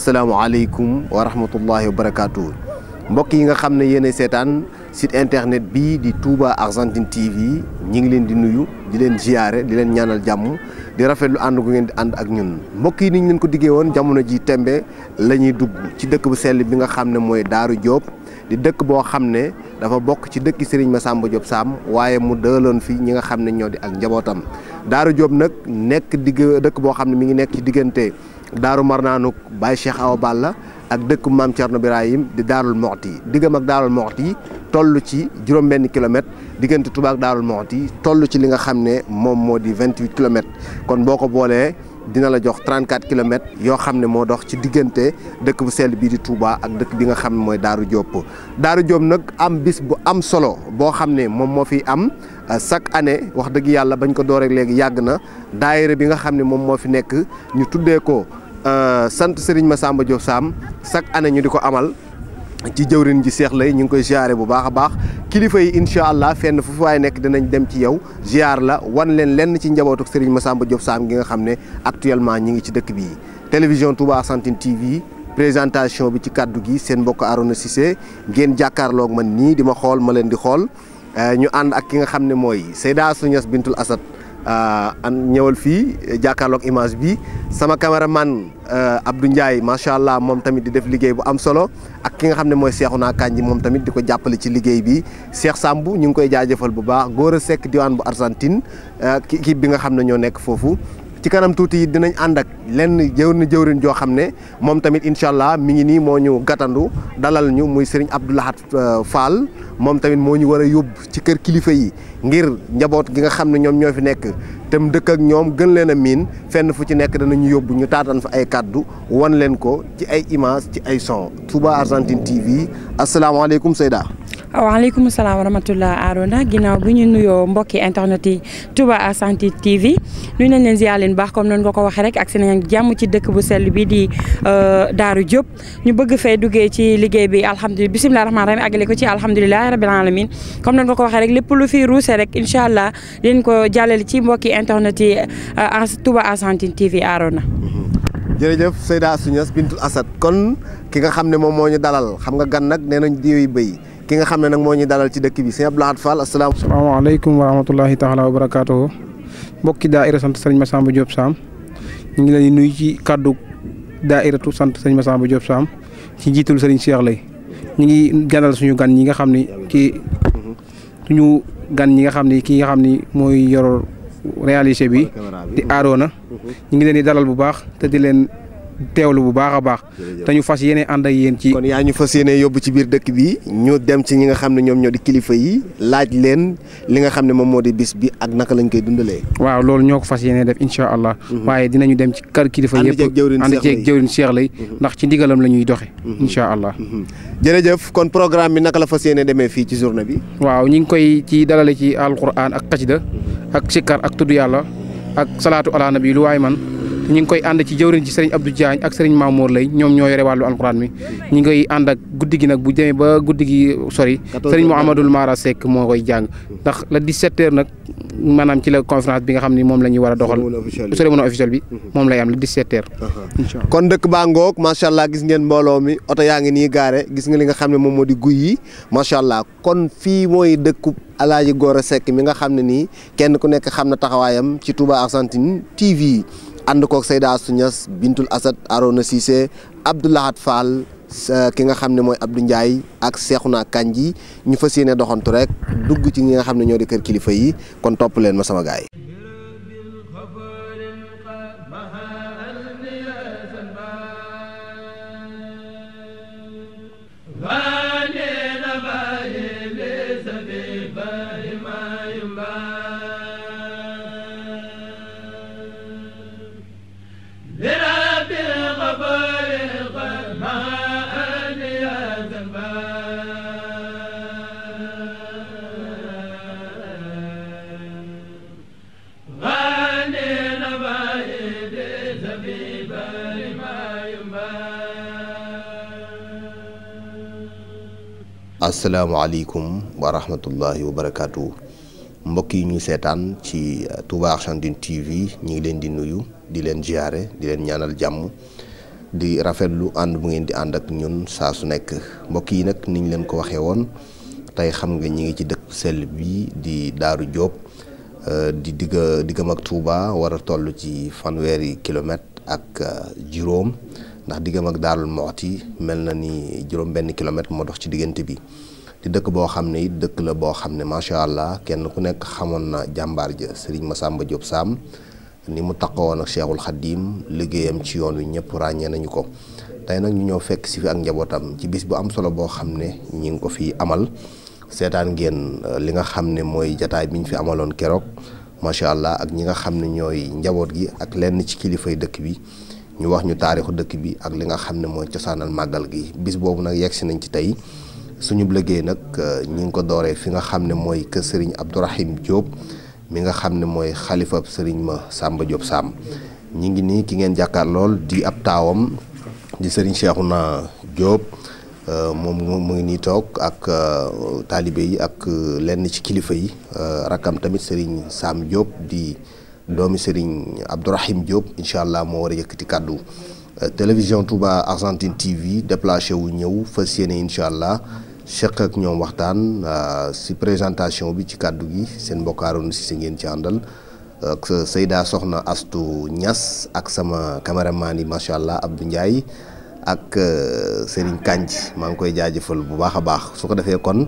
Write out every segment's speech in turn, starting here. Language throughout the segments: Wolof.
asalaamaaleykum wa rahmatullahi wa barakaatu. mbokk yi nga xam ne yéen seetaan site internet bii di Touba Argentine TV ñi ngi leen di nuyu di leen ziyaare di leen ñaanal jàmm di rafetlu ànd gu ngeen di ànd ak ñun mbokk yi ni ñu leen ko diggee woon jamono ji tembe la ñuy dugg ci dëkk bu sell bi nga xam ne mooy Daaru Jóob di dëkk boo xam ne dafa bokk ci dëkki Serigne Massamba Diop Sam waaye mu dëloon fi ñi nga xam ne ñoo di ak njabootam Daaru Jóob nag nekk digg dëkk boo xam ne mu ngi nekk ci diggante daaru marnaanuk Baye Cheikh baal la ak dëkk maam Thierno Birahim di daarul Moxti yi diggam ak daarul Moxti yi toll ci juróom-benn kilomètre diggante Touba ak daarul Moxti yi toll ci li nga xam ne moom moo di vingt-huit kilomètres kon boo ko boolee dina la jox trente-quatre kilomètres yoo xam ne moo dox ci diggante dëkk bu sell bii di Touba ak dëkk bi nga xam ne mooy daaru Diop. daaru Diop nag am bis bu am solo boo xam ne moom moo fi am. Euh, chaque année wax dëgg yàlla bañ ko door ak léegi yàgg na daayira bi nga xam ne moom moo fi nekk ñu tuddee ko euh, sant ma Massamba Diop Sam chaque année ñu di ko amal ci jëwrin ji seexle lay ñu ngi koy ziare bu baax a baax kilifa yi incha allah fenn fu waaye nekk dinañ dem ci yow ziar la wan leen lenn ci njabootu ma Massamba Diop Sam gi nga xam ne actuellement ñi ngi ci dëkk bii télévision Touba Argentine TV présentation bi ci kàddu gi seen mbokk Arona Cissé ngeen jàkkaarloog man nii di ma xool ma leen di xool. Euh, ñu ànd ak ki nga xam ne mooy Seyda Astou Niass Bintul Asad euh, an ñëwal fii jàkkaarloog image bi sama man euh, Abdou Ndiaye macha allah moom tamit di def liggéey bu am solo ak ki nga xam ne mooy Cheikhouna Kandji moom tamit di ko jàppale ci liggéey bi Cheikh Sambou ñu ngi koy jaajëfal bu baax Gora Seck diwaan bu Argentine ki bi nga xam ne ñoo nekk foofu ci kanam tuuti it dinañ ànd ak lenn jëwriñ jëwriñ joo xam ne moom tamit incha allah mi ngi nii moo ñu gàttandu dalal ñu muy sëriñ Abdou Lahad euh, Fall moom tamit moo ñu war a yóbbu ci kër kilifa yi ngir njaboot gi nga xam ne ñoom ñoo fi nekk te mu dëkk ak ñoom gën leen a miin fenn fu ci nekk danañu yóbbu ñu taataan fa ay kàddu wan leen ko ci ay image ci ay son Touba Argentine TV asalaamaaleykum Seyda waaleykum salaam wa rahmatullah Arona ginnaaw bu ñu nuyoo mbokki internet yi Touba Argentine TV nuyu nañ leen ziar baax comme noonu nga ko waxee rek ak seen jàmm ci dëkk bu sell bi di euh, Daaru Diop ñu bëgg fee duggee ci liggéey bi alhamdulilah bisimilah rahmaani rahiim àggale ko ci alhamdulilah rabil alamin comme noonu nga ko waxee rek lépp lu fi ruuse rek incha allah leen ko jàllale ci mbokki internet yi euh, Touba Argentine TV Arona. Mhm. jërëjëf Seyda Asou Niass Bintou Asad kon ki nga xam ne moom moo ñu dalal xam nga gan nag nañ diwi bëy ki nga xam ne nag moo ñuy dalal ci dëkk bi sëñ Abdou Lahad Fall asalaamaaleykum wa rahmatullahi taala wa barakaatuhu mbokki daa daaira sant sëriñ Massamba Diop Sam ñu ngi leen di nuyu ci kàddu daairatu sant sëriñ Massamba Diop Sam ci jiitul sëriñ Cheikh lay ñu ngi jànal suñu gan ñi nga xam ni kii suñu gan ñi nga xam ni kii nga xam ni mooy yor réalisé bi di aaroona mhm. ñu ngi leen dalal bu baax te di leen teewlu bu baax a baax te ñu fas yéene ànd ak yéen ci kon yaa ñu fas yéene yóbbu ci biir dëkk bi ñu dem ci ñi nga xam ne ñoom ñoo di kilifa yi laaj leen li nga xam ne moom moo di bis bi ak naka lañ koy dundalee waaw loolu ñoo ko fas yéene def incha allah mhm. waaye dinañu dem ci kër kilifa yëpp ànd ceeg jëwrin mhm. ndax ci ndigalam la ñuy doxe mhm. incha allah jërëjëf kon programme bi naka la fas yéene demee fii ci journée bi waaw ñu ngi koy ci dalale ci alquran ak xasida ak sikkar ak tudd yàlla ak salaatu ala lu waay man ñu ngi koy ànd ci jëwriñ ci sëriñ Abdou Diagne ak sëriñ Mamour lay ñoom ñoo yore wàllu alxuraan mi ñi ngay ànd ak guddi gi nag bu demee ba guddi gi sori sëriñ amadul Mara Seck moo koy jàng ndax la 17 heures nag maanaam ci la conférence bi nga xam ne moom la ñuy war a doxal cérémonie officielle bi mhm. moom lay am la 17 heures uh-huh. kon dëkk baa ngoog macha gis ngeen mbooloo mi oto yaa ngi nii gaare gis nga li nga xam ne moom moo di guy yi macha allah kon fii mooy dëkku Alaaji Gora sekk mi nga xam ne nii kenn ku nekk xam na taxawaayam ci Touba Argentine TV ànd koog Seyda Assou Bintul Asad Arona Cissé Abdoulahat Fall ki nga xam ne mooy Abdou njaay ak Seexuna Kanji ñu fas yéene doxantu rek dugg ci ñi nga xam ne ñoo di kër kilifa yi kon topp leen ma sama gaay asalaamualeykum wa rahmatullahi wa barakaatu mbokk yi ñu seetaan ci uh, Touba Argentine TV ñu ngi leen di nuyu di leen ziare di leen ñaanal jàmm di rafetlu ànd bu ngeen di ànd ak ñun saa su nekk mbokk yi nag niñ leen ko waxee woon tey xam nga ñi ngi ci dëkk sell bi di Daaru Jóob uh, di digga diggam ak Touba war a toll ci fanweeri kilomètre ak uh, juróom ndax diggam ak Daarul Moxti mel na ni juróom benn kilomètre moo dox ci diggante bi di dëkk boo xam ne it dëkk la boo xam ne macha allah kenn ku nekk xamoon na jàmbaar ja ma Massamba Diop Sam ni mu taxawoon ak Cheikhul Khadim liggéeyam ci yoon wi ñëpp ràññee nañu ko tey nag ñu ñëw fekk si fi ak njabootam ci bis bu am solo boo xam ne ñi ngi ko fi amal seetaan ngeen euh, li nga xam ne mooy jataay bi ñu fi amaloon keroog macha allah ak ñi nga xam ne ñooy njaboot gi ak lenn ci kilifay dëkk bi. ñu wax ñu taarixu dëkk bi ak li nga xam ne mooy cosaanal màggal gi bis boobu nag yegg si nañ ci tey suñu liggéey nag euh, ñi ngi ko dooree fi nga xam ne mooy kër Serigne Abdourahim Diop mi nga xam ne mooy xalifa Serigne ma Samba Diop Samb ñi ngi nii ki ngeen jàkkaar di ab taawam di Serigne Cheikhouna Diop euh, moom mu ngi nii toog ak euh, taalibe yi ak lenn ci kilifa yi rakkam tamit sëriñ Sam Diop di. doomi Serigne Abdourahim Diop incha allah moo war a yëkkati kàddu euh, télévision Touba Argentine TV déplacé wu ñëw fas yéene incha allah seq ak ñoom waxtaan euh, si présentation bi ci kàddu gi seen mbokkaaroon si si ngeen ci àndal euh, ak Seyda Soxna Astu Ñas ak sama caméraman yi macha allah Abdou Ndiaye ak Serigne Kànj maa ngi koy jaajëfal bu baax a baax su ko defee kon.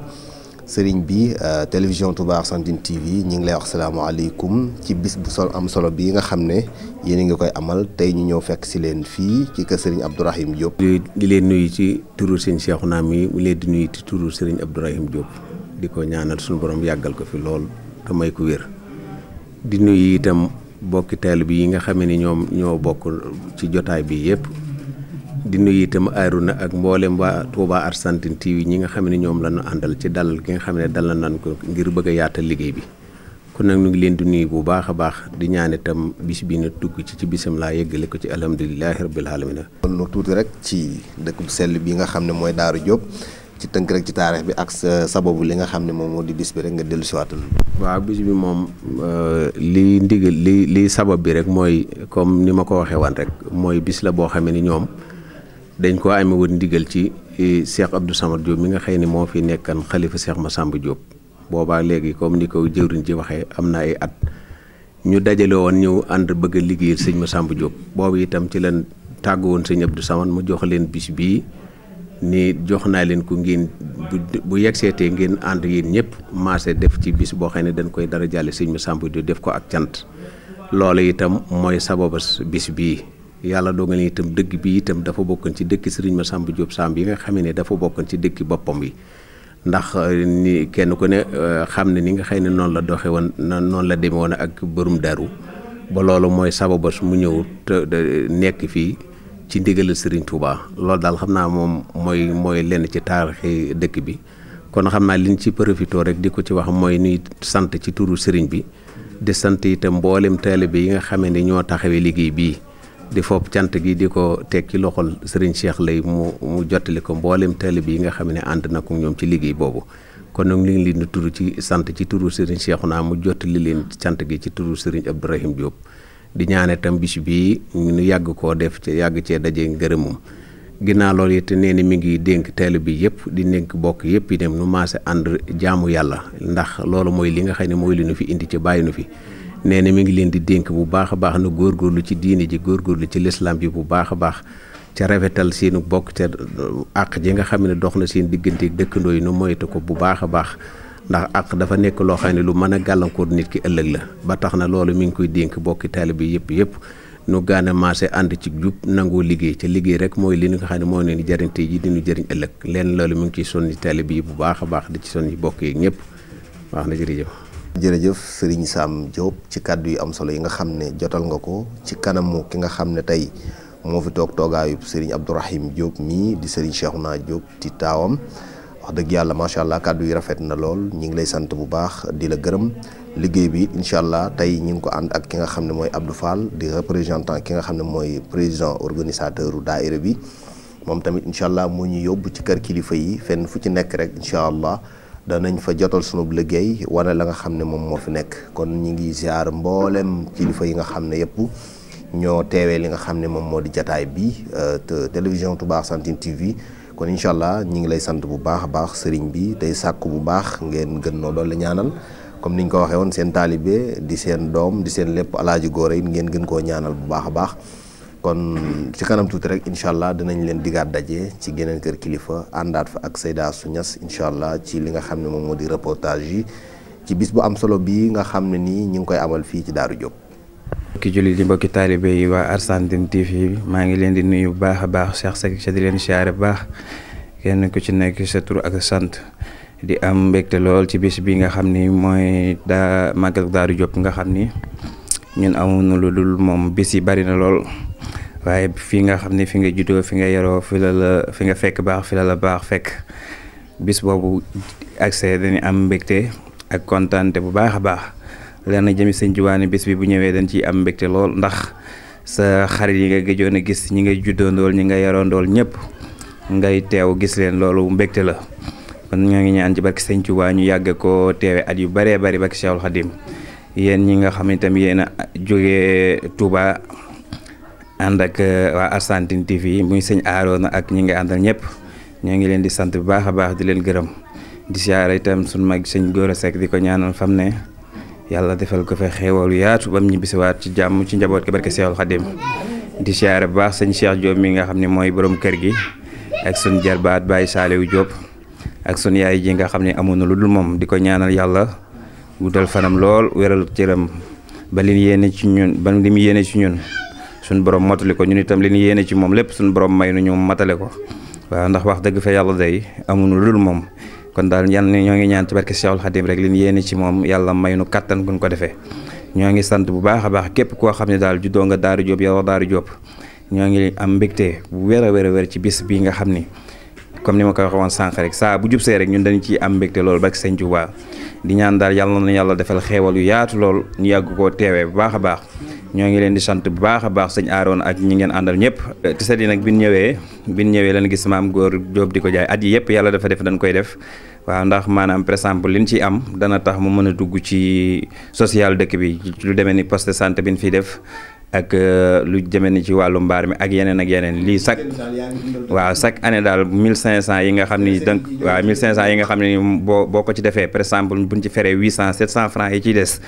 sëriñ bi euh, télévision Touba Argentine TV ñi ngi lay wax salaamu aleykum ci bis bu sol am solo bi nga xam ne yéen a ngi koy amal tey ñu ñëw fekk si leen fii ci kër sëriñ Abdourahim Diop. di leen nuyu ci turu sëriñ Cheikhouna mi mu leen di nuyu ci turu sëriñ Abdourahim Diop di ko ñaanal suñu borom yàggal ko fi lool te may ko wér di nuyu itam bokki teel bi yi nga xam ne ñoom ñoo bokk ci jotaay bii yëpp. di nuyu itam na ak mboolem waa Touba Argentine TV ñi nga xam ne ñoom la ñu àndal ci dalal ki nga xam ne dalal nañ ko ngir bëgg a yaatal liggéey bi kon nag ñu ngi leen di nuyu bu baax a baax di ñaane itam bis bi na dugg ci ci bisam laa yeggale ko ci alhamdulilahi rabbil alamina lu tuuti rek ci dëkk bu sell bi nga xam ne mooy Daaru Diop ci tënk rek ci taarix bi ak sababu li nga xam ne moom moo di bis bi rek nga dellu siwaatal waaw bis bi moom euh, li ndigal li li sabab bi rek mooy comme ni ma ko waxee woon rek mooy bis la boo xam ne ni ñoom dañ koo amee woon ndigal ci e, Cheikh Abdou Samad Diop mi nga xëy ni moo fi nekkan xalifa Cheikh Massamba Diop boobaa léegi comme ni ko jëwriñ ji waxee am na ay at ñu dajale woon ñëw ànd bëgg a liggéeyal sëñ Massamba Diop boobu itam ci leen tàgg woon sëñ Abdou Samad mu jox leen bis bii ni jox naa leen ku ngeen bu bu yegseetee ngeen ànd yéen ñëpp maase def ci bis boo xam ne dañ koy dara jàlle sëñ Massamba Diop def ko ak cant loolu itam mooy sababas bis bii yàlla dogal na itam dëkk bii itam dafa bokkoon ci dëkk Serigne Massamba Diop Samb yi nga xam ne dafa bokkoon ci dëkk boppam yi ndax euh, ni kenn ku ne euh, xam ne ni nga xëy ne noonu la doxe woon noonu la demee woon ak borom daru ba loolu mooy sababas mu ñëw te nekk fii ci ndigal Serigne Touba loolu daal xam naa moom mooy mooy lenn ci taarixi dëkk bi kon xam naa liñ ci profité rek di ko ci wax mooy nuy sant ci turu sëriñ bi di sant itam mboolem taalibe yi nga xamee ne ñoo taxawee liggéey bii. di foop cant gi di ko teg ci loxol Serigne Cheikh lay mu mu jottali ko mboolem taalib yi nga xam ne ànd na ko ñoom ci liggéey boobu kon nag li ngi leen di turu ci sant ci turu Serigne naa mu jottali leen cant gi ci turu Serigne Abdourahim Diop di ñaane tam bis bii ñu yàgg koo def ci yàgg cee daje ngërëmum ginnaaw loolu it nee ni mi ngi dénk taalib bi yëpp di dénk bokk yëpp yi dem nu maase ànd jaamu yàlla ndax loolu mooy li nga xam ne mooy li nu fi indi ci bàyyi nu fi nee na mi ngi leen di dénk bu baax a baax na góorgóorlu ci diine ji góorgóorlu ci lislaam ji bu baax a baax ca rafetal seenu bokk ca uh, àq ji nga xam ne dox na seen diggante dëkkandoo yi nu moytu ko bu baax a baax ndax ak dafa nekk loo xam ne lu mën a gàllankoor nit ki ëllëg la ba tax na loolu mu ngi koy dénk bokki taalibe yëpp yëpp nu gaan a maase ànd ci jub nangoo liggéey ca liggéey rek mooy li nga xam ne moo leen jëriñ tey ji di ñu jëriñ ëllëg leen loolu mu ngi ciy sonni taalibe yi bu baax a baax di ci sonni bokk yi ñëpp wax na jërëjëf jërëjëf Serigne Sam Diop ci kàddu yu am solo yi nga xam ne jotal nga ko ci kanamu ki nga xam ne tey moo fi toog toogaayu Serigne Abdourahim Diop mii di Serigne naa Diop ci taawam wax dëgg yàlla macha allah kàddu yi rafet na lool ñu ngi lay sant bu baax di la gërëm liggéey bi incha allah tey ñu ngi ko ànd ak ki nga xam ne mooy Abdou Fall di représentant ki nga xam ne mooy président organisateur daaira bi moom tamit incha allah moo ñu yóbbu ci kër kilifa yi fenn fu ci nekk rek incha allah. danañ fa jotal sunub liggéey wane la nga xam ne moom moo fi nekk kon ñi ngi ziar mboolem kilifa yi nga xam ne yëpp ñoo teewee li nga xam ne moom moo di jataay bi euh, te télévision Touba Argentine TV kon incha allah ñi ngi lay sant bu baax a baax sëriñ bi tey sàkku bu baax ngeen gën noo doole ñaanal comme ñu ko waxee woon seen taalibe di seen doom di seen lépp alaaji góor yi ngeen gën koo ñaanal bu baax a baax kon ci kanam tuuti rek incha allah dinañ leen digaat daje ci geneen kër kilifa àndaat fa ak Seyda su ñas incha allah ci li nga xam ne moom moo di reportage yi ci bis bu am solo bii nga xam ne nii ñu ngi koy amal fii ci Daaru Diop. mbokki jullit yi mbokki taalibe yi waa Argentine TV maa ngi leen di nuyu bu baax a baax Cheikh Seck ca di leen siyaare baax kenn ku ci nekk sa tur ak sant. di am mbégte lool ci bis bi nga xam ni mooy daa màggal Daaru Diop nga xam ni. ñun na lu dul moom bis yi bari na lool waaye fi nga xam ni fi nga juddoo fi nga yaroo fi la la fi nga fekk baax fi la la baax fekk bis boobu accès dañu am mbégte ak kontaante bu baax a baax leen na jëmi bis bi bu ñëwee dañ ciy am mbégte lool ndax sa xarit yi nga gëjoon a gis ñi nga juddoondool ñi nga yaroondool ñëpp ngay teew gis leen loolu mbégte la kon ñoo ngi ñaan ci barki sëñ Tuubaa ñu yàgg ko teewe at yu baree bari barki Cheikhul Khadim yéen ñi nga xam ne tamit yéen a jógee Touba ànd ak uh, waa Argentine TV muy sëñ Aaroona ak ñi nga àndal ñëpp ñoo ngi leen di sant bu baax a baax di leen gërëm di siyaare itam sunu mag sëñ Gora Seck di ko ñaanal fam ne yàlla defal ko fa yaatu ba mu ñibbisiwaat ci jàmm ci njaboot gi barke Seexul Xadim di siyaare bu baax sëñ Cheikh Diop mi nga xam ne mooy boroom kër gi ak sunu jarbaat Baye saalewu Diop ak sunu yaay ji nga xam ne amoon na lu dul moom di ko ñaanal yàlla. guddal fanam lool wéral cëram ba li ñu yéene ci ñun ba li mu yéene ci ñun suñu borom matali ko ñun itam li ñu yéene ci moom lépp suñu borom may nu ñu matale ko waa ndax wax dëgg fa yàlla day amuñu lu dul moom kon daal yan ñoo ngi ñaan ci barke Seexul Xadim rek li ñu yéene ci moom yàlla may nu kattan guñ ko defee ñoo ngi sant bu baax a baax képp koo xam ne daal juddoo nga Daaru Jóob yow Daaru Jóob ñoo ngi am mbégte bu wér a wér a wér ci bis bii nga xam ni comme ni ma ko waxee woon rek saa bu jub see rek ñun dañu ciy am mbégte loolu ba Sëñ Tuubaa di ñaan daal yàlla na yàlla defal xeewal yu yaatu lool ñu yàgg koo teewee bu baax a baax ñoo ngi leen di sant bu baax a baax sañ aaroon ak ñi ngeen àndal ñëpp te set yi nag bi ñu ñëwee bi ñëwee lan gis maam góor jóob di ko jaay at yi yëpp yàlla dafa def dañ koy def waaw ndax maanaam par exemple liñ ci am dana tax mu mën a dugg ci social dëkk bi lu demee ni poste santé bi ñu fiy def ak euh, lu jëme ci wàllu mbaar mi ak yeneen ak yeneen lii chaque waaw chaque année daal mille cinq cent yi nga xam ni donc waaw mille cinq cent yi nga xam ne ni boo boo ko ci defee par exemple buñ ci feree huit cent sept cent francs yi ciy des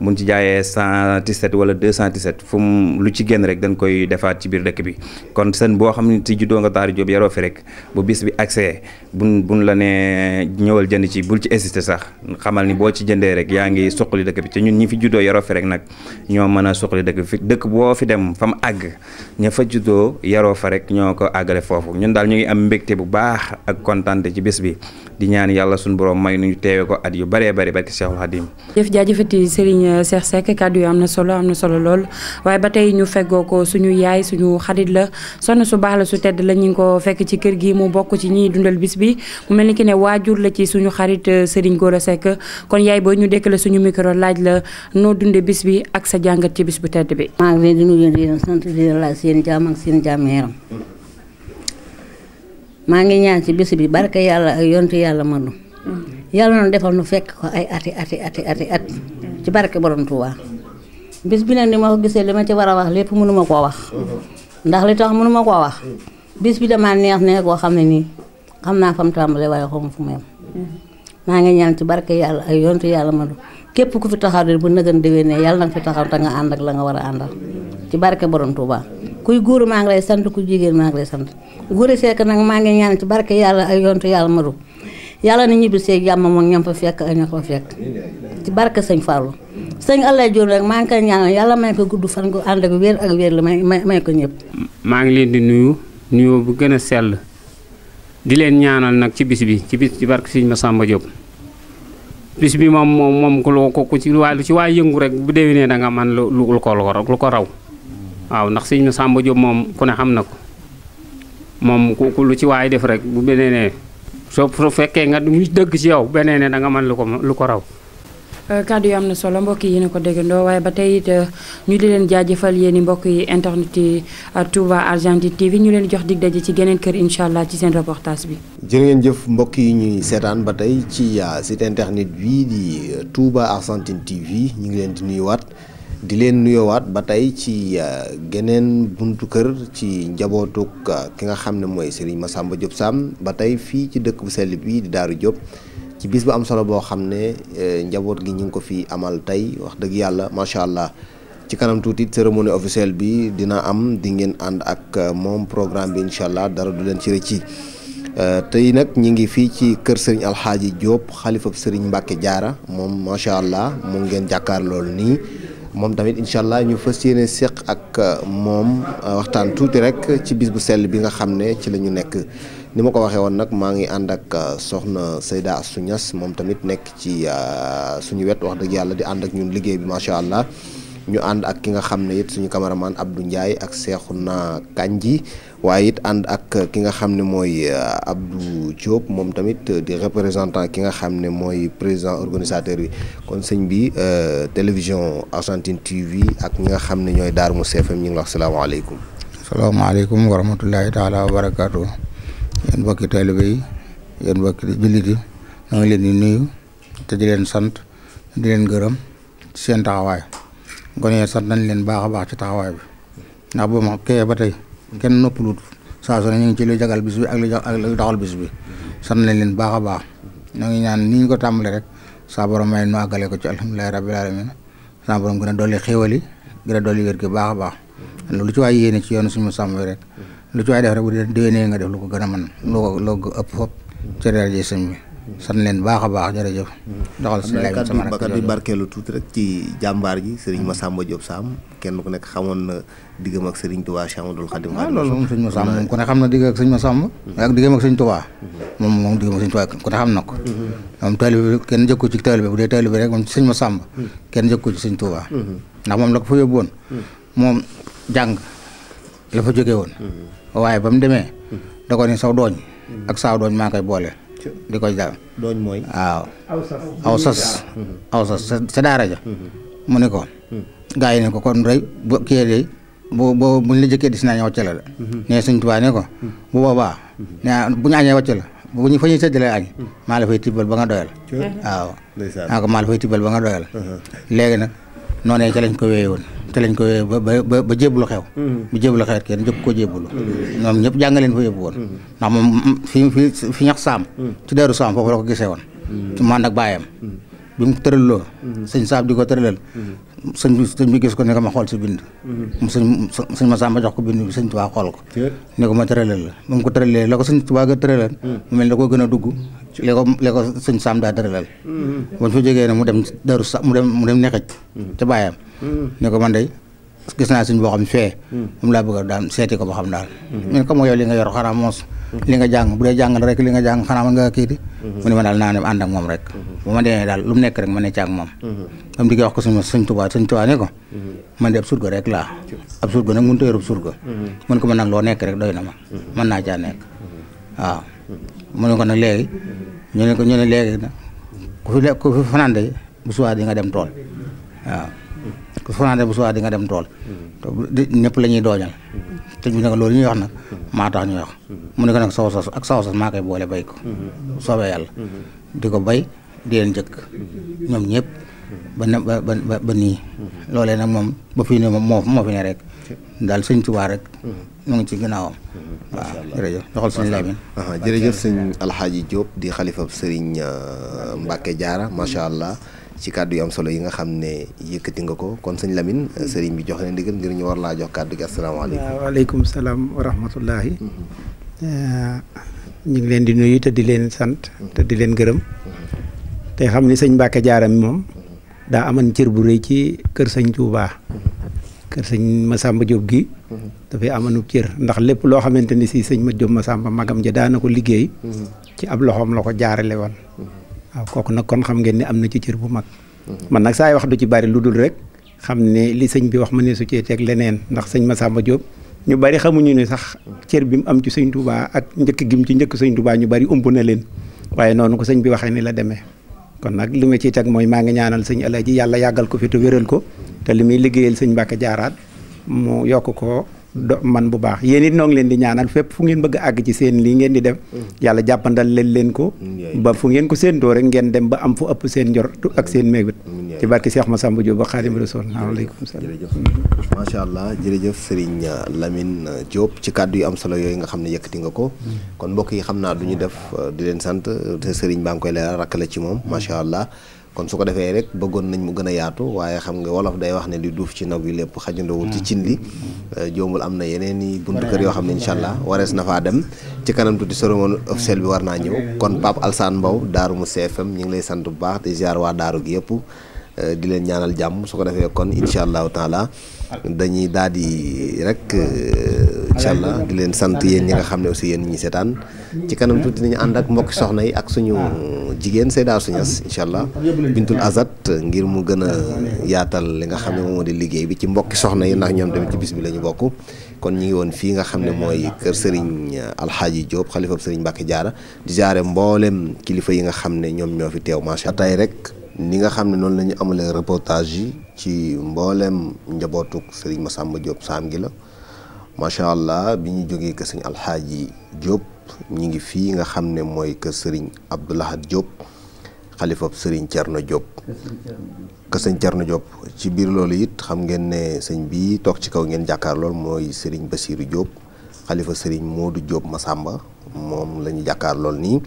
buñ ci jaayee cent dix-sept wala deux cent dix-sept fu mu lu ci génn rek dañ koy defaat ci biir dëkk bi kon seen boo xam ne ci juddoo nga Daara Diop yaroo fi rek bu bis bi accès bu buñ la nee ñëwal jënd ci bul ci existé sax xamal ni boo ci jëndee rek yaa ngi suqali dëkk bi te ñun ñi fi juddoo yaroo fi rek nag ñoo mën a suqali dëkk boo fi dem fa mu àgg ña fa juddoo yaroo fa rek ñoo ko àggale foofu ñun daal ñu ngi am mbégte bu baax ak kontante ci bés bi di ñaan yàlla suñu borom may nu ñu teewe ko at yu ba bëri barki Cheikhul Khadim. jëf jaajëfati Serigne Cheikh Seck kàddu yi am na solo am na solo lool waaye ba tey ñu feggoo ko suñu yaay suñu xarit la sonn su baax la su tedd la ñu ko fekk ci kër gi mu bokk ci ñiy dundal bis bi mu mel ni ki ne waajur la ci suñu xarit euh, Serigne Gora Seck kon yaay ñu dékk la la noo dunde bis bi ak sa jàngat ci bi di nuyu di sant di leen laaj seen jaam seen jaam maa ngi ñaan ci bis bi barke yàlla ak yontu yàlla manu yàlla noonu defal nu fekk ko ay ati ati ati ati at ci barke borom bis bi nag ni ma ko gisee li ma ci war a wax lépp mënuma koo wax ndax li tax mënuma koo wax bis bi damaa neex neex koo xam ne nii xam naa fa mu waaye xaw fu mu yem maa ngi ñaan ci barke yàlla ay yontu yàlla ma du képp ku fi taxaw de bu nëgën déwén ne yàlla na nga fi taxaw te nga ànd ak la nga war a àndal ci barke borom Touba kuy góor maa ngi lay sant ku jigéen maa ngi lay sant góor seek nag maa ngi ñaan ci barke yàlla ay yontu yàlla ma du yàlla na ñibbi see jàmm moom ñam fa fekk ak ña fa fekk ci barke sëñ Fallou sëñ Alla Diop rek maa ngi koy ñaanal yàlla may ko gudd fan gu ànd ak wér ak wér la may may ko ñëpp. maa ngi leen di nuyu nuyoo bu gën a sell. di leen ñaanal nag ci bis bi ci bis ci barke Sëriñ Massamba Diop bis bi moom moom moom ku lu ko ku waay lu ci waay yëngu rek bu déwénee da nga man lu lu ko lu ko raw waaw ndax Sëriñ sàmba Diop moom ku ne xam na ko moom ku lu ci waay def rek bu beneenee soo fekkee nga du muy dëgg ci yow beneenee da nga man lu ko lu ko raw Euh, kàddu yi am na solo mbokk yi ne a ko déggandoo waaye ba teyit euh, ñu di leen jaajëfal yéen i mbokk yi internet yi Touba Argentine TV ñu leen jox dig daje ci geneen kër incha allah ci seen reportage bi. jërë ngeen jëf mbokk yi ñuy seetaan ba tey ci euh, site internet bi di Touba Argentine TV ñu ngi leen di nuyuwaat. di leen nuyoowaat ba tey ci geneen buntu kër ci njabootuk ki nga xam ne mooy Serigne Massamba Diop Sam ba tey fii ci dëkk bu sell bi di Daaru Diop ci bis bu am solo boo xam ne eh, njaboot gi ñu ngi ko fi amal tey wax dëgg yàlla macha allah ci kanam tuuti cérémonie officielle bi dina am di ngeen ànd ak eh, moom programme bi incha allah dara du leen ci rëcci eh, tey nag ñi ngi fii ci kër Serigne Alxaaji Diop xalifa Serigne Mbacke jaara moom macha allah moom ngeen jàkkaar loolu nii moom tamit incha allah ñu fa yéene seq ak moom waxtaan tuuti rek ci bis bu sell bi nga xam ne ci la ñu nekk. ni ma ko waxee woon nag maa ngi ànd ak euh, soxna Seyda Astou Niass moom tamit nekk ci euh, suñu wet wax dëgg yàlla di ànd ak ñun liggéey bi macha allah ñu ànd ak ki nga xam ne it suñu cameraman Abdou Ndiaye ak Cheikhouna Kandji waaye it ànd ak ki nga xam ne mooy euh, Abdou Diop moom tamit di représentant ki nga xam ne mooy président organisateur bi kon sëñ bi télévision Argentine TV ak ñi nga xam ne ñooy daar Mouhty FM ñu ngi wax salaamaaleykum. salaamaaleykum wa rahmatulahi taala wa barakaatu. yéen mbokki taalibe yi yéen mbokki jullit yi ñoo ngi leen di nuyu te di leen sant di leen gërëm seen taxawaay gone yi sant nañ leen baax a baax ci taxawaay bi ndax bu ma kee ba tey kenn noppalut saa su ne ñu ngi ci lu jagal bis bi ak lu ak lu doxal bis bi sant nañ leen baax a baax ñoo ngi ñaan ni ñu ko tàmbalee rek saa borom may nu àggale ko ci alhamdulilahi rabbil alamin saa borom gën a dolli xéewal yi gën a dolli wér gi baax a baax lu ci waay yéene ci yoonu suñu sàmm rek lu ci waay def rek bu déwénee nga def lu ko gën a mën lu ko lu ko ëpp fop ci rajo leen baax baax jërëjëf doxal si lay sama bakkat bi barkeelu tuuti rek ci jàmbaar ji sëriñ hmm. Massamba Diop Sam kenn ku nekk xamoon na diggam ak sëriñ Touba Cheikh Amadou Khadim ah loolu moom sëñ ne xam na digg ak sëñ Massamba hmm. ak diggam ak sëñ Touba hmm. moom ko diggam ne xam na ko moom taalibe bi kenn jëkku ci taalibe bu dee taalibe rek moom sëñ Massamba kenn jëkku ci sëñ Touba ndax moom la ko fa yóbbu woon moom jàng la fa jógee woon waaye ba mu demee. Hmm. da ko saw dooñ. Hmm. ak saaw dooñ maa boole. di koy daal dooñ mooy. waaw aw sas aw sas hmm. sa daara ja mu ni ko. gaa yi ne ko kon rey bu kii day bu bu buñ la jëkkee dis naa ñu wàcce la de. nee Sëñ Tuubaa ne ko. bu boobaa. nee bu ñu añee wàcce la bu ñu fa ñuy séddalee añ. maa la fay tibbal ba nga doyal. waaw. naa ko maa fay tibbal ba nga doyal. Uh-huh. léegi nag. noonee ca lañ ko wéyee woon te lañ ko wéyee ba ba ba jéblu xew mm-hmm. bu jéblu xew kenn jëkk ko jéblu mm-hmm. ñoom ñëpp jàngaleen fa yóbbu woon mm-hmm. ndax moom mm, fi fi fi ñax saam ci deeru saam foofu la ko gisee woon ci man ak baayam bi mu tëralloo sëñ saam di ko tëralal sëñ bi bi gis ko ne ko ma xool si bind mhm. mu sëñ sëñ ma sàmba jox ko bind bi sëñ tubaa xool ko ne ko ma tëralal la moom ko tëralee la ko sëñ tubaa ga mhm. mel ne koo gën a dugg lée ko lée ko sëñ sàmm daa tëralal mhm. bañ fa jógee ne mu dem daru sa mu dem mu dem nekkaj ca baayam ne ko man day gis naa sëñ boo xam fee moom laa bëgg a daan seeti ko ba xam daal mais comme yow li nga yor xanaa moos li nga jàng bu dee jàng rek li nga jàng xanaa mën nga kii di mhm. mu ne ma daal naa ne ànd ak rek mhm. bu ma demee daal lu nekk rek ma ne ci ak moom am di koy wax ko suñu suñ tubaa suñ tubaa ne ko mhm. man de ab surga rek laa ab surga nag mënu ta ab surga mun ko mën nag loo nekk rek doy na ma mën naa caa nekk waaw mu ne ko nag léegi ñu ne ko ñu ne léegi nag ku fi ku fi fanaan de bu suwaa nga dem tool ku fanaane bu suwaa di nga dem tool ñëpp la ñuy dooñal te ñu ne ko loolu ñuy wax nag maa tax ñuy wax mu ne ko nag saw ak saw sas maa koy boole bay ko soobee yàlla di ko bay di leen jëkk ñoom ñëpp ba ba ba ba nii loolee nag moom ba fii ne moom moo moo fi ne rek daal sëñ Tuubaa rek mu ngi ci ginnaawam waaw jërëjëf doxal sëñ Lamin jërëjëf sëñ Alxaaji Diop di xalifab sëriñ uh, Mbàkke Jaara macha allah ci kàddu yu am solo yi nga xam ne yëkkati nga ko kon sëñ lamin sëriñ bi jox leen di gën ngir ñu war laa jox kàddu gi asalaamaaleykum. waaw waaleykum salaam wa rahmatullahi eh, ñu ngi leen di nuyu te di leen sant te di leen gërëm te xam ni sëñ Mbacke Diarra moom daa amoon cër bu rëy ci kër sëñ Touba kër sëñ Massamba Diop gi dafay amoon cër ndax lépp loo xamante ni si sëñ ma Diop Massamba magam ja daana ko liggéey ci ab loxoom la ko jaarale woon waaw kooku nag kon xam ngeen ni am na ci cër bu mag. man nag saay wax du ci bari lu dul rek xam ne li sëñ bi wax ma ne su cee teg leneen ndax sëñ Massamba Diop ñu bari xamuñu ne sax cër bi mu am ci sëñ Touba ak njëkk gi mu ci njëkk sëñ Touba ñu bari ump na leen waaye noonu ko sëñ bi waxee ni la demee. kon nag li ma ciy teg mooy maa ngi ñaanal sëñ Alaaji yàlla yàggal ko fi te wéral ko te li muy liggéeyal sëñ mbakk jaaraat mu yokk ko do man bu baax yéen it noo leen di ñaanal fépp fu ngeen bëgg àgg ci seen lii ngeen di def mm. yàlla jàppandal leen leen ko mm, ba fu ngeen ko séentoo rek ngeen dem ba am fu ëpp seen njortu ak seen mébét mm, ci barki Cheikh Massamba Diop ba Xaadimu Rasuul aleykum salaam jërëjëf macha allah jërëjëf Serigne Lamine Diop ci kàddu yu am solo yooyu nga xam ne yëkk yëkkati nga ko kon mbokk yi xam naa du ñu def di leen sant te Serigne baa ngi koy leeral rakk la ci moom macha allah kon su ko defee rek bëggoon nañ mu gën a yaatu waaye xam nga wolof day wax ne li duuf ci nag yi lépp xajandowul ci cin li euh, joomul am na yeneen i buntu kër yoo xam ne incha allah warees na faa dem ci kanam tuuti cérémonie officielle bi war naa ñëw kon Pape Alsane Mbow Daaru Mouhty FM ñu ngi lay sant bu baax te ziar waa daaru gi yëpp Euh, di leen ñaanal jàmm su ko defee kon incha allahu taala dañuy daal di rek euh, incha allah di leen sant yéen ñi nga xam ne aussi yéen ñi seetaan ci kanam tuuti nañu ànd ak mbokki soxna yi ak suñu jigéen Seyda Suñas incha allah bintul azat ngir mu gën a yaatal li nga xam ne moom di liggéey bi ci mbokki soxna yi ndax ñoom tamit ci bis bi la ñu bokk kon ñu ngi woon fii nga xam ne mooy kër Serigne Alxaaji Diop xalifab Serigne Mbacke jaara di jaare mboolem kilifa yi nga xam ne ñoom ñoo fi teew macha allah tey rek ni nga xam ne noonu la ñu amalee reportage yi ci mbooleem njabootuk sëriñ ma Massamba Diop saam gi la macha allah bi ñu jógee kër sëriñ Alxaaji jóob ñu ngi fii nga xam ne mooy kër sëriñ Abdou Lahad xalifa xalifab sëriñ Thierno Diop. kër sëriñ Thierno Diop ci biir loolu it xam ngeen ne sëñ bii toog ci kaw ngeen jàkkaar lool mooy sëriñ Bassirou Diop xalifa sëriñ Modou Diop Massamba moom lañu ñu jàkkaar lool nii.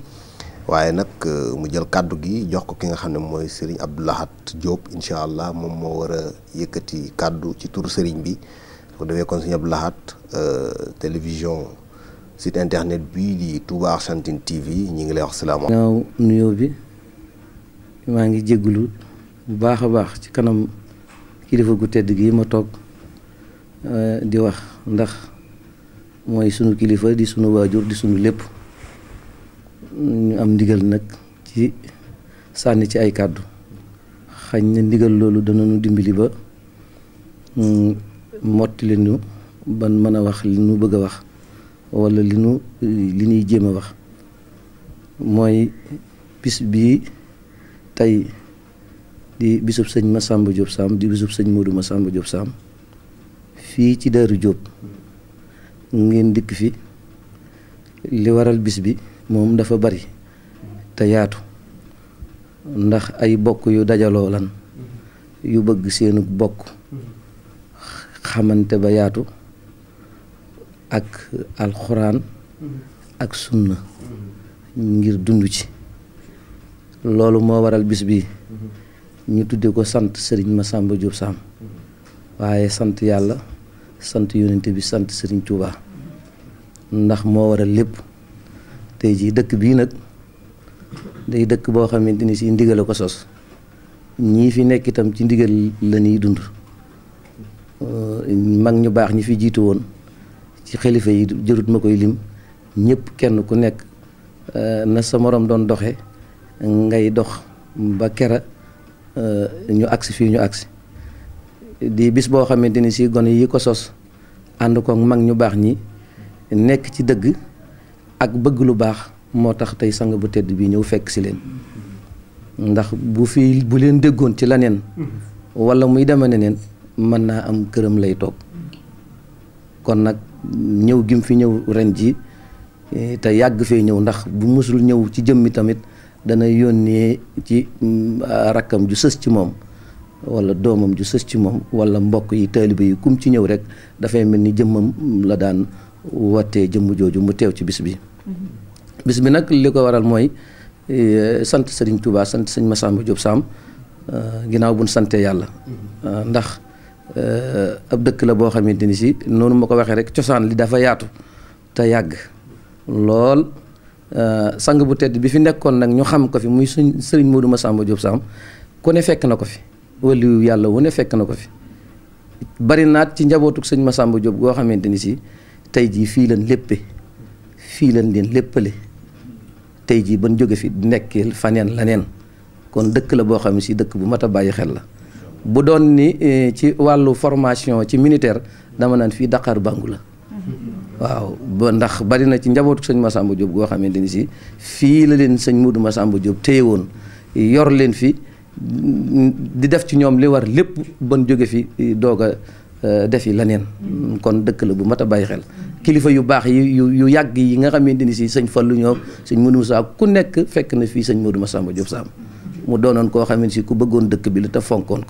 waaye nag euh, mu jël kàddu gi jox ko ki nga xam ne mooy Serigne Abdou Lahad Diop incha allah moom moo war a yëkkati kàddu ci turu Serigne bi su ko defee kon Serigne Abdou Lahad euh, télévision site internet bii di Touba Argentine TV ñu ngi lay wax salaam. naaw nuyoo bi maa ngi jégalu bu baax a baax ci kanam kilifa gu tedd gi ma toog euh, di wax ndax mooy sunu kilifa di sunu waajur di sunu lépp. ñu am ndigal nag ci sànni ci ay kàddu xañ na ndigal loolu danañu dimbali ba mottali nu ban mën a wax li ñu bëgg a wax walla li ñu li ñuy jéem a wax mooy bis bii tey di bisub sëñ ma Massamba Diop Sam di bisub sëñ Modou Massamba Diop Sam fii ci Daaru Diop ngeen dikk fi li waral bis bi moom dafa bari te yaatu ndax ay bokk yu dajaloo lan yu bëgg seenu bokk xamante ba yaatu ak alxuraan ak sunna ngir dund ci loolu moo waral bis bi ñu tudde ko sant sëriñ ma Massamba Diop Sam waaye sant yàlla sant yonent bi sant sëriñ Touba ndax moo waral lépp tey jii dëkk bii nag day dëkk boo xamante ni si ndigal a ko sos ñii fi nekk itam ci ndigal la ñuy dund mag ñu baax ñi fi jiitu woon ci xalifa yi jërut ma koy lim ñépp kenn ku nekk na sa morom doon doxe ngay dox ba kera ñu agsi fii ñu agsi di bis boo xamante ni si gone yi ko sos ànd ko mag ñu baax ñi nekk ci dëgg ak bëgg lu baax moo tax tey sang bu tedd bii ñëw fekk si leen ndax bu fi bu leen déggoon ci leneen wala muy deme neneen mën naa am këram lay toog kon nag ñëw gim fi ñëw ren ji te yàgg fee ñëw ndax bu mësul ñëw ci jëmmi tamit dana yónnee ci mm, rakkam ju sës ci moom wala doomam ju sës ci moom wala mbokk yi taalibe yi kum ci ñëw rek dafay mel ni jëmmam la daan wootee jëmm jooju mu teew ci bis bi bis bi nag li ko waral mooy eh, sant sëriñ Touba sant sëñ ma sàmba job Sam eh, ginnaaw buñ sante yàlla eh, ndax ab dëkk la boo xamante ni si noonu ma ko waxee rek cosaan li dafa yaatu te yàgg lool sang bu tedd bi fi nekkoon nag ñu xam ko fi muy suñ sëriñ Modou Massamba Diop Sam ku ne fekk na ko fi waliyu yàlla wu ne fekk na ko fi bari naat ci njabootuk sëñ ma Massamba Diop goo xamante ni si tey jii fii leen lépp fii leen leen léppale tey jii ban jóge fi di nekkee faneen laneen kon dëkk la boo xam si dëkk bu mat a bàyyi xel la bu doon ni eh, ci wàllu formation ci militaire dama naan fii Dakar Bangu la waaw ba ndax bari na ci njabootu sëñ Massamba Diop goo xamante ni si fii la leen sëñ Moudou Massamba Diop téye woon yor leen fi di def ci ñoom li war lépp ban jóge fi eh, doog Euh, defi leneen kon dëkk la bu mat a bàyyi xel kilifa yu baax yi yu yàgg yi nga xamante ni si sëñ lu ñoom sëñ Modou Moussa ku nekk fekk na fii sëñ Modou Massamba Diop Samb mu doonoon koo xam ne ku bëggoon dëkk bi la te fonkoon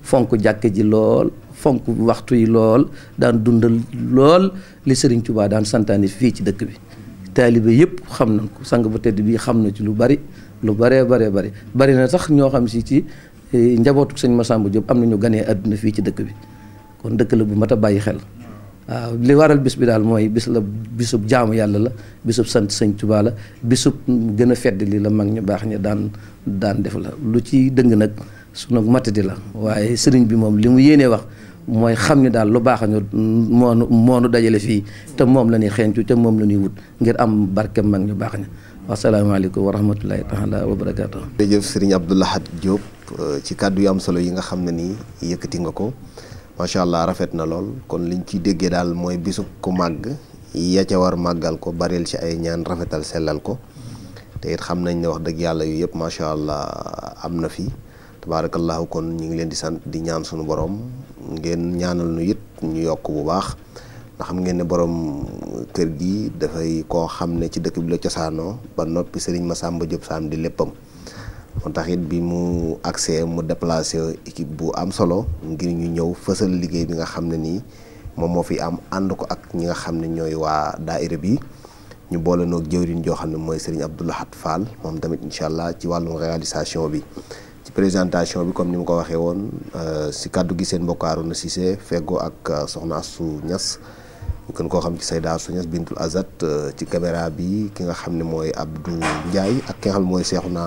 fonk jàkk ji lool fonk waxtu yi lool daan dundal lool li Serigne daan santaane fii ci dëkk bi taalibe yëpp xam nañ ko bu tedd bii xam na ci lu bari lu baree baree bari bari na sax ñoo xam si ci eh, njabootu sëñ Massamba Diop am na ñu ganee àdduna fii ci dëkk bi kon dëkk la bu mat a bàyyi xel waaw li waral bis bi daal mooy bis la bisub jaamu yàlla la bisub sant sëñ tubaala la bisub gën a fedd li la mag ñu baax ñi daan daan def la lu ci dëng nag sunu matadi la waaye sëriñ bi moom li mu yéenee wax mooy xam ni daal lu baax ñu moo moonu dajale fii te moom la ñuy xeeñcu te moom la ñuy wut ngir am barke mag ñu baax ña asalaamaaleykum wa rahmatulahi taala wa barakaatu. jërëjëf sëriñ Abdou Lahad Diop ci kàddu yu am solo yi nga xam ne nii yëkkati nga ko. macha allah rafet na lool kon liñ ciy déggee daal mooy bisu ko màgg ya ca war màggal ko baril ci ay ñaan rafetal sellal ko te it xam nañ ne wax dëgg yàlla yu yëpp macha allah am na fi tabaarakallahu kon ñu ngi leen di sant di ñaan suñu borom ngeen ñaanal nu it ñu yokk bu baax. nga ngeen ne borom kër gi dafay koo xam ne ci dëkk bi la cosaanoo ba noppi ma Massamba Diop Sam di léppam moo tax it bi mu accès mu déplacé équipe bu am solo ngir ñu ñëw fësal liggéey bi nga xam ne nii moom moo fi am ànd ko ak ñi nga xam ne ñooy waa daa daaira bi ñu boole noog jëwriñ joo xam ne mooy Serigne Abdou Lahad Fall moom tamit incha allah ci wàllum réalisation bi. ci présentation bi comme ni ma ko waxee woon euh, si kàddu gi seen mbokkaaru na Cissé feggoo ak euh, soxna Assou Niass. ñu koo xam ci Sayda Suñas Bintul Azat euh, ci caméra bi ki nga xam ne mooy Abdou Ndiaye ak ki nga xam ne mooy Seexuna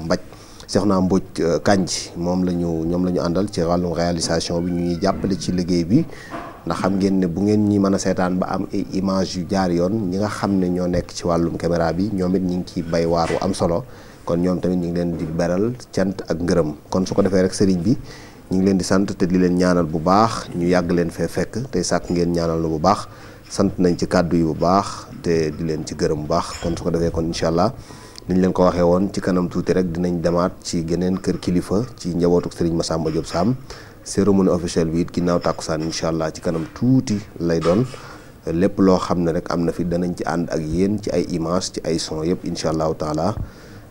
Mbaj Seexuna Mbodj euh, Kanji moom la ñu ñoom la ñu àndal ci wàllum réalisation bi ñu ñuy jàppale ci liggéey bi ndax xam ngeen ne bu ngeen ñi mën a seetaan ba am ay image yu jaar yoon ñi nga xam ne ñoo nekk ci wàllum caméra bi ñoom it ñu ngi ciy bay waar wu am solo kon ñoom tamit ñu ngi leen di beral cant ak ngërëm kon su ko defee rek sëriñ bi ñu ngi leen di sant te di leen ñaanal bu baax ñu yàgg leen fee fekk tey sàkk ngeen ñaanal na bu baax sant nañ ci kàddu yi bu baax te di leen ci gërëm bu baax kon su ko defee kon incha allah niñ leen ko waxee woon ci kanam tuuti rek dinañ demaat ci geneen kër kilifa ci njabootu Serigne sàmm Diop Sam cérémonie officielle bi it ginnaaw tàkkusaan incha allah ci kanam tuuti lay doon lépp loo xam ne rek am na fi danañ ci ànd ak yéen ci ay image ci ay son yëpp incha allahu taala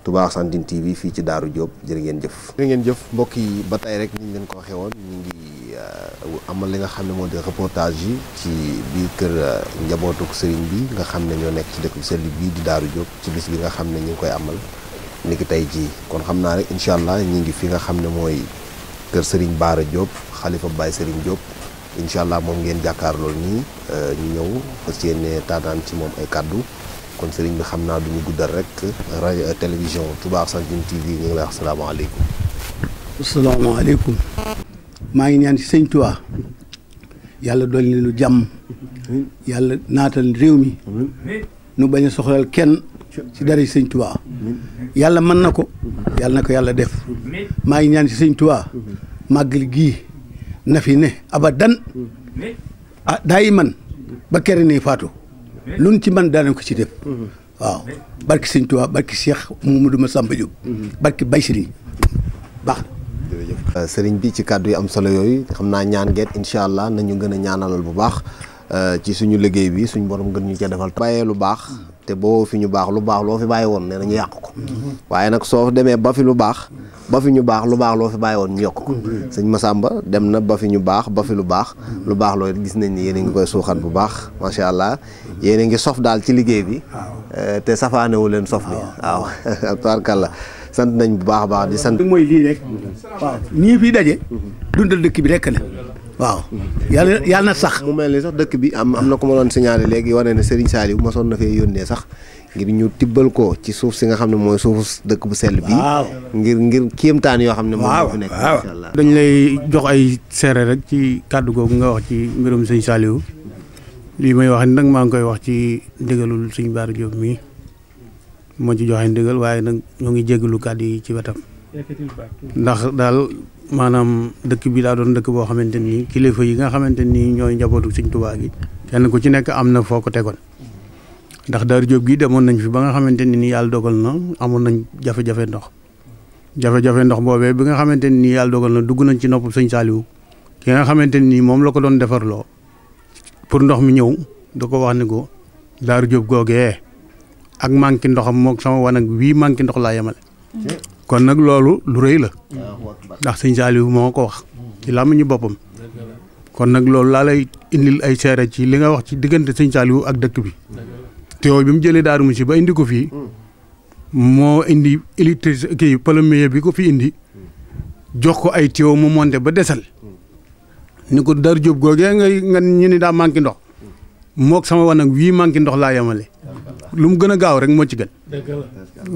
Touba Argentine TV fii ci Daaru Diop jërë ngeen jëf jërë ngeen jëf mbokk yi ba rek ñu leen ko waxee woon ñu ngi euh, amal li nga xam ne moo di reportage yi ci bii kër euh, njabootuk sëriñ bi nga xam ne ñoo nekk ci dëkk bu sell bii di Daaru Diop ci bis bi nga xam ne ñu ngi koy amal ni ki tey jii kon xam naa rek incha allah ñu ngi fi nga xam ne mooy kër sëriñ Baara Diop xalifa Baye Sëriñ Diop incha allah moom ngeen jàkkaarloo nii euh, ñu ñëw fas yéene taataan ci moom ay kàddu kon sëriñ bi xam naa du ñu guddal rek rajo télévision Touba Argentine TV ñu ngi lay wax salaamaaleykum. maa ngi ñaan ci sëñ Touba. yàlla dool ni lu jàmm. yàlla naatal réew mi. nu bañ a soxlal kenn ci dara ci sëñ Touba. yàlla mën na ko. yàlla na ko yàlla def. maa ngi ñaan ci sëñ Touba. màggal gii na fi ne abadan. Ah, daay man ba kere nii faatu. luñ ci man daanañ ko ci def mhm. waaw barki sëñ Tuubaa barki Cheikh Mamadou Massamba Diop mhm. barki Baye Serigne baax na euh, sëriñ bi ci kàddu yi am solo yooyu xam naa ñaan ngeen incha allah nañu gën a ñaanalal bu baax euh, ci suñu liggéey bi suñu borom gën ñu cee defal bàyyee lu baax te boo fi ñu baax lu baax loo fi bàyyi woon nee na ñu yàq ko waaye nag soo demee ba fi lu baax ba fi ñu baax lu baax loo fi bàyyi woon ñu yokk ko sëñ Massamba dem na ba fi ñu baax ba fi lu baax lu baax loolu gis nañ ni yéen a ngi koy suuxat bu baax macha allah yéen a ngi sof daal ci liggéey bi te safaanewu leen sof bi waaw tabarkalla sant nañ bu baax a baax di sant mooy lii rek waaw ñii fi daje dundal dëkk bi rek la waaw yàlla yàlla na sax. mu mel ni sax dëkk bi am am na ko ma doon signalé léegi wane ne Serigne Saliou mosoon na fee yónnee sax ngir ñu tibbal ko ci suuf si nga xam ne mooy suufu dëkk bu sel bi waaw ngir ngir kéemtaan yoo xam ne. moo waaw nekk incha allah. dañ lay jox ay seere rek ci kàddu googu nga wax ci mbirum Serigne Saliou lii may wax nag maa ngi koy wax ci ndigalul Serigne Bara Diop mii moo ci joxe ndigal waaye nag ñoo ngi jégalu yi ci wetam. ndax daal. maanaam dëkk bi daa doon dëkk boo xamante ni kilifa yi nga xamante ni ñooy njabootu Sëñ Tuubaa gi kenn ku ci nekk am na foo tegoon ndax Daaru Jóob gi demoon nañ fi ba nga xamante ni yàlla dogal na amoon nañ jafe ndox jafe ndox boobee bi nga xamante ni yàlla dogal na dugg nañ ci nopp Sëñ Saaliwu ki nga xamante ni moom la ko doon defarloo pour ndox mi ñëw da ko wax ni ko Daaru Jóob googee ak manqué ndoxam moog sama wanag wii manqué ndox laa yemale kon nag loolu lu rëy la ndax sëñ Saaliw moo ko wax hmm. ci làmmiñu boppam kon nag loolu laa lay indil ay seere ci li nga wax ci diggante sëñ Saaliw ak dëkk bi teew bi mu jëlee Daaru Musi ba indi ko fii hmm. moo indi électricité kii plombier bi ko fi indi hmm. jox ko ay tuyau mu monté ba desal ni ko Daaru Jóob googee nga nga ñu ni daa manqué ndox mook sama wanag wii manqué ndox laa yemale lu mu gën a gaaw rek moo ci gën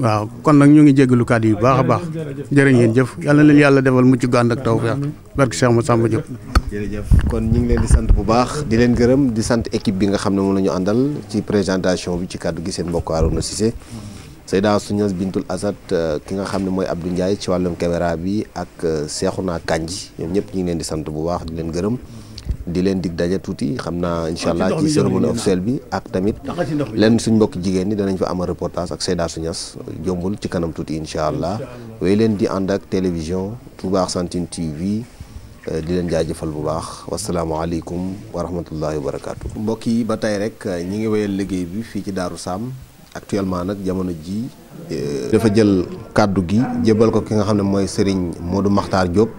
waaw kon nag ñu ngi jéggalu kàddu yu baax a baax jërë ngeen jëf yàlla leen yàlla defal mucc gànd ak tawfeex barke Cheikh Massamba Diop jërëjëf kon ñu ngi leen di sant bu baax di leen gërëm di sant équipe bi nga xam ne moom ñu àndal ci présentation bi ci kàddu gi seen mbokk Arouna Cissé Seyda Sounias Bintul Asad euh, ki nga xam ne mooy Abdou Ndiaye ci wàllum caméra bi ak euh, Cheikhouna Kandji ñoom ñëpp ñu ngi leen di sant bu baax di leen gërëm di leen dig daje tuuti xam naa incha allah ci cérémonie officielle bi ak tamit leen suñ mbokk jigéen ñi danañ fa amal reportage ak Seydou Niass jombul ci kanam tuuti incha allah wéy leen di ànd ak télévision Touba Argentine TV euh, di leen jëfal bu baax wasalaamaaleykum wa rahmatullahi wa barakaatu. mbokk yi ba tey rek euh, ñi ngi wéyal liggéey bi fii ci Daaru Saam actuellement nag jamono ji euh, dafa jël kàddu gi jébal ko ki nga xam ne mooy Serigne Modou Makhtar Diop.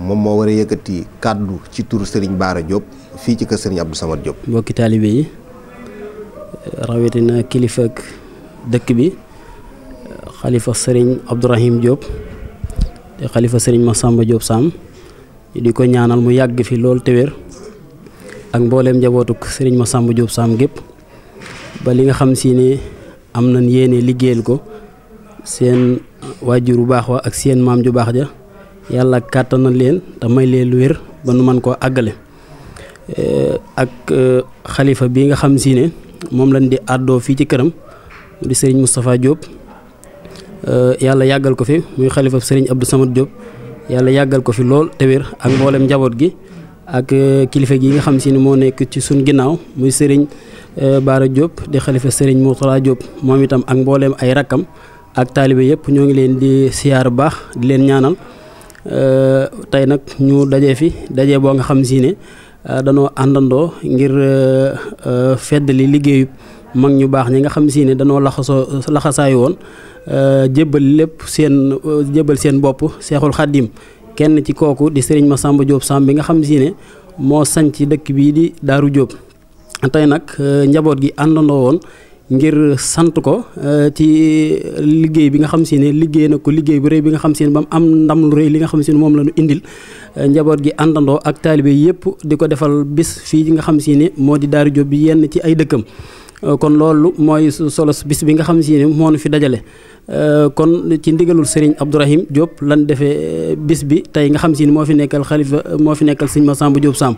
moom moo war a yëkkati kàddu ci turu Serigne Bara Diop fii ci ko Serigne Abdou Samad Diop. mbokki taalibe yi rawatina kilifa dëkk bi xalifa Serigne Abdourahim Diop te xalifa Serigne Massamba Diop Sam di ko ñaanal mu yàgg fi lool te wér ak mbooleem sëriñ ma Massamba Diop Sam gépp ba li nga xam si ne am na yéene liggéeyal ko seen waajur bu baax wa ak seen maam ju baax ja. yàlla kàttanal leen te may leen lu wér ba nu mën koo àggale eh, ak eh, xalifa bi nga xam si ne moom lañ di àddoo fii ci këram di sëriñ Moustapha Diop eh, yàlla yàggal ko fi muy xalifa sëriñ Abdou Samad yàlla yàggal ko fi lool te wér ak mboolem njaboot gi ak kilifa gi nga xam si ne moo nekk ci suñ ginnaaw muy sëriñ Baara Diop di xalifa sëriñ Mourtala Diop moom itam ak mbooleem ay rakkam ak taalibe yëpp ñoo ngi leen di siyaar baax di leen ñaanal Euh, tey nag ñu daje fi daje boo nga xam si ne euh, danoo àndandoo ngir euh, feddali liggéeyu mag ñu baax ñi nga xam si ne danoo laxasoo laxasaay woon jébbal lépp seen jébbal seen bopp seexul xaddim kenn ci kooku di sëriñ Massamba Diop Samb bi nga xam si ne moo sañ ci dëkk bii di Daaru Diop tey nag njaboot gi àndandoo woon ngir sant ko eh, ci liggéey bi nga xam si ne liggéey na ko liggéey bu rëy bi nga xam si ne ba mu am ndam lu rëy li nga xam si ni moom la ñu indil eh, njaboot gi àndandoo ak taalibe yëpp di ko defal bis fii nga xam si ni moo di Daaru Jóob bi yenn ci ay dëkkam Euh, kon loolu mooy solo bis bi nga xam si ne moo nu fi dajale euh, kon ci ndigalul Serigne Abdourahim Diop lan defee euh, bis bi tey nga xam si ne moo fi nekkal xalifa moo fi nekkal Serigne Massamba Diop Samb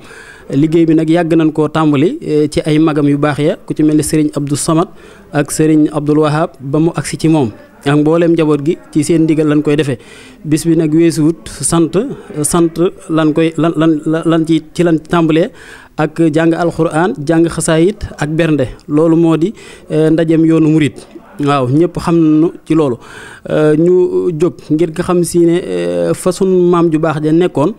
liggéey bi nag yàgg nañ koo tàmbali ci ay magam yu baax ya ku ci mel ne Serigne Abdou Samad ak Serigne Abdoul Wahab ba mu agsi ci moom. ak mbooleem njaboot gi ci seen ndigal lan koy defee bis bi nag weesuwut sant sant lan koy lan lan lan ci ci lan tàmbalee ak jàng alxuraan jàng xasaayit ak bernde loolu moo di eh, ndajem yoonu murit waaw ñëpp xam nañu ci loolu eh, ñu jóg ngir nga xam si ne eh, fa sun maam ju baax ja nekkoon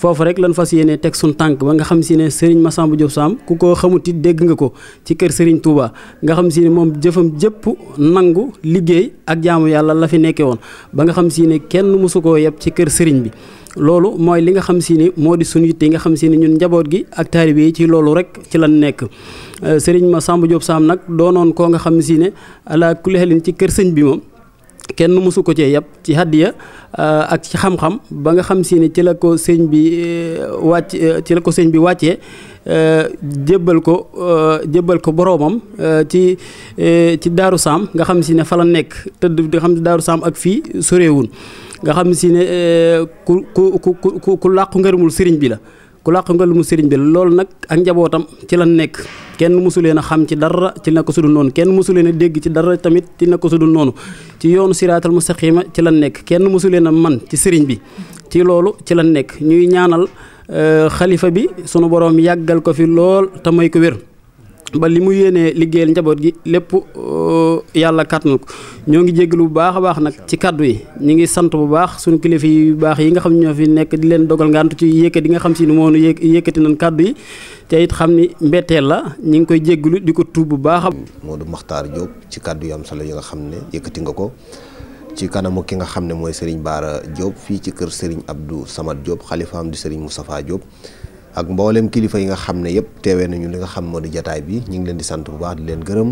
foofu rek lan fas yéene teg sun tànk ba nga xam si ne Serigne Massamba Diop Sam ku ko xamuti dégg nga ko ci kër Serigne Touba nga xam si ne moom jëfam jëpp nangu liggéey ak jaamu yàlla la fi nekkee woon ba nga xam si ne kenn mësu koo yeb ci kër Serigne bi loolu mooy li nga xam si ni moo di suñu yitte yi nga xam si ni ñun njaboot gi ak taalibe yi ci loolu rek ci lan nekk euh, sëriñ Massamba Diop Sam nag doonoon koo nga xam si ne ala kulli halin ci kër sëñ bi moom kenn mësu ko cee yàpp ci hàddiya euh, ak ci xam ba nga xam si ne ci la ko sëñ bi euh, wàcc ci la ko sëñ bi wàccee jébbal ko jébbal ko boroomam ci ci Daaru Saam nga xam si ne fa la nekk tëdd nga xam si Daaru Saam ak fii soreewul nga xam si ne eh, ku ku ku ku ku làqu ngërëmul sëriñ bi la ku làqu ngërëmul sëriñ bi la loolu nag ak njabootam ci lan nekk kenn mosuleen a xam ci dara ci naka sudul noonu kenn mosuleen a dégg ci dara tamit ci naka sudul noonu ci yoonu siraatal mustaqima ci lan nekk kenn mosuleen a man ci sëriñ bi ci loolu ci lan nekk ñuy ñaanal eh, xalifa bi sunu borom yàggal ko fi lool te may ko wér ba li mu yéenee liggéeyal njaboot gi lépp euh, yàlla kàttanal ko ñoo ngi jégalu bu baax a baax nag ci kàddu yi ñu ngi sant bu baax suñu kilifa yu baax yi nga xam ñoo fi nekk di leen dogal ngantu ci yëkkati yi nga xam si ne moonu yë yëkkati nañ kàddu yi te it xam ni mbetteel la ñu ngi koy jégalu di ko tuub bu baax a Modou maxtaar Diop ci kàddu yu am solo yi nga xam ne yëkkati nga ko ci kanamu ki nga xam ne mooy Serigne Bara Diop fii ci kër Serigne Abdou Samad Diop xalifaam di Serigne Moustapha Diop ak mboolem kilifa yi nga xam ne yëpp teewee nañu li nga xam moo di jataay bi ñu ngi leen di sant bu baax di leen gërëm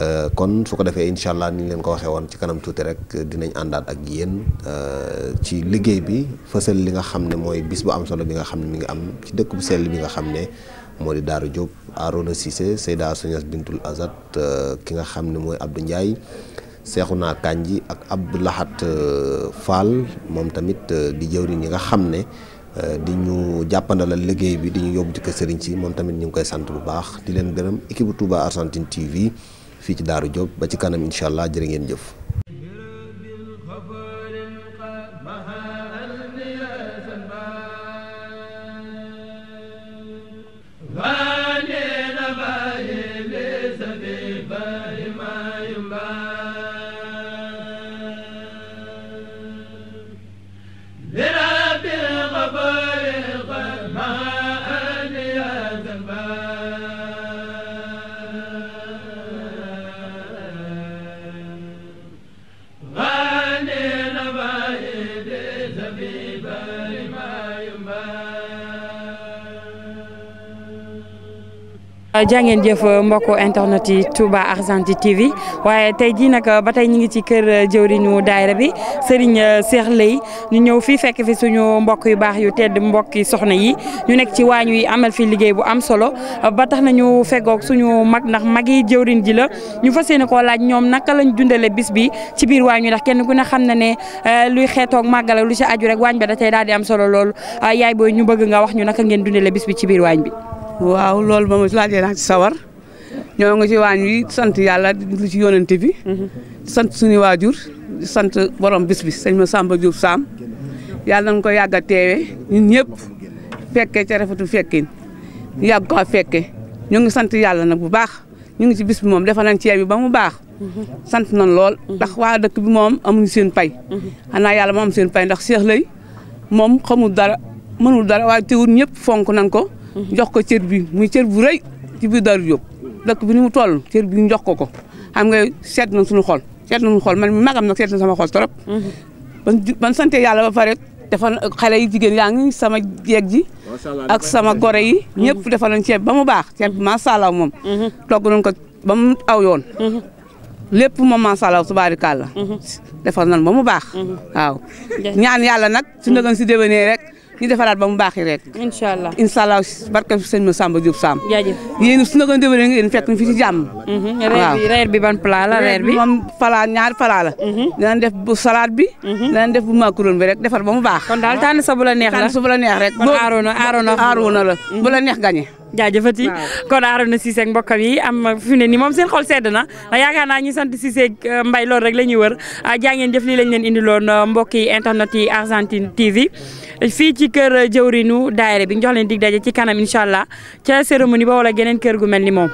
euh, kon su ko defee incha allah ni leen ko waxee woon ci kanam tuuti rek dinañ àndaat ak yéen euh, ci liggéey bi fësal li nga xam ne mooy bis bu am solo bi nga xam ne mi ngi am ci dëkk bu sell bi nga xam ne moo di Daaru Diop Arona Cissé Seyda Sounias Bintul Azat euh, ki nga xam ne mooy Abdou seexu naa Kanji ak Abdou Lahat Fall moom tamit di jëwriñ ñi nga xam ne Euh, di ñu jàppandalal liggéey bi di ñu yóbbu ci kër sëriñ si moom tamit ñu ngi koy sant bu baax di leen gërëm équipe Touba Argentine TV fii ci Daaru Diop ba ci kanam incha allah jërë ngeen jëf. jàngeen jëf mbokku internet yi Touba Argentine TV waaye tey jii nag ba tey ñu ngi ci kër euh, jëwriñu daayira bi Serigne euh, Cheikh yi ñu ñëw fii fekk fi suñu mbokk yu baax yu tedd mbokki soxna yi ñu nekk ci waañ yi amal fi liggéey bu am solo ba tax nañu ñu suñu mag ndax mag yi jëwriñ ji la ñu fas yéene koo laaj ñoom naka lañ dundale bis bi ci biir waañu ndax kenn ku ne xam na ne euh, luy xeetoog màggal lu ci aju rek waañ ba da tey daal di am solo loolu yaay booy ñu bëgg nga wax ñu naka ngeen dundale bis bi ci biir waañ bi waaw loolu moom si laajee naa ci sawar ñoo ngi ci waañ wi sant yàlla lu ci yónnante bi mhm. sant suñu waajur sant borom bisbi sañ ma Samba Diouf Sam yàlla nañ ko yàgg a teewe ñun rafetu fekkin yàgg ko fekke ñoo ngi sant yàlla nag bu baax ñu ngi ci bis bi moom defal nañ ceeb bi ba mu baax mhm. sant na lool mhm. ndax waa dëkk bi moom amuñu seen pay xanaa yàlla moom seen pay ndax Cheikh lay moom xamul dara mënul dara waaye teewul ñëpp fonk nañ ko jox ko cër bi muy cër bu rëy ci biir Darou Diop dëkk bi ni mu toll cër bi ñu ko ko xam nga seet na suñu xol seet na suñu xol man mi magam nag seet na sama xol trop. Mhm. ban ban sant yàlla ba pare defal xale yi jigéen yaa ngi sama jeeg ji. ak sama gore yi. ñëpp defal nañ ceeb ba mu baax ceeb bi macha allah moom. Mhm. togg nañ ko ba mu aw yoon. Mhm. lépp moom macha allah tubaarikàlla. defal nañ ba mu baax. waaw ñaan yàlla nag su ñu si déwénee rek. ñu defaraat ba mu baaxee rek. incha allah incha allah ba sëñ ma Samba Diop Samb. jaajëf yéen su na ko fi ci mhm. reer bi ban plat la reer bi. moom plat ñaari plat la. Mhm. danañ def bu salade bi. Mhm. danañ def bu macaron bi rek defar ba mu baax. kon daal tànn sa bu la neex la tànn sa bu la neex rek. kon aaroon na aaroon na la la neex gañe jaajëfati kon Arouna Cissé ak mbokkam yi am fi ne ni moom seen xol sedd na yaakaar naa ñi sant Cissé euh, mbay loolu rek la ñuy wër ah, jaa ngeen jëf lii lañ leen indiloon euh, mbokk yi internet yi Argentine TV fii ci kër euh, jëwrinu daayira bi ñu jox leen dig daje ci kanam incha allah ca cérémonie ba wala geneen kër gu mel ni moom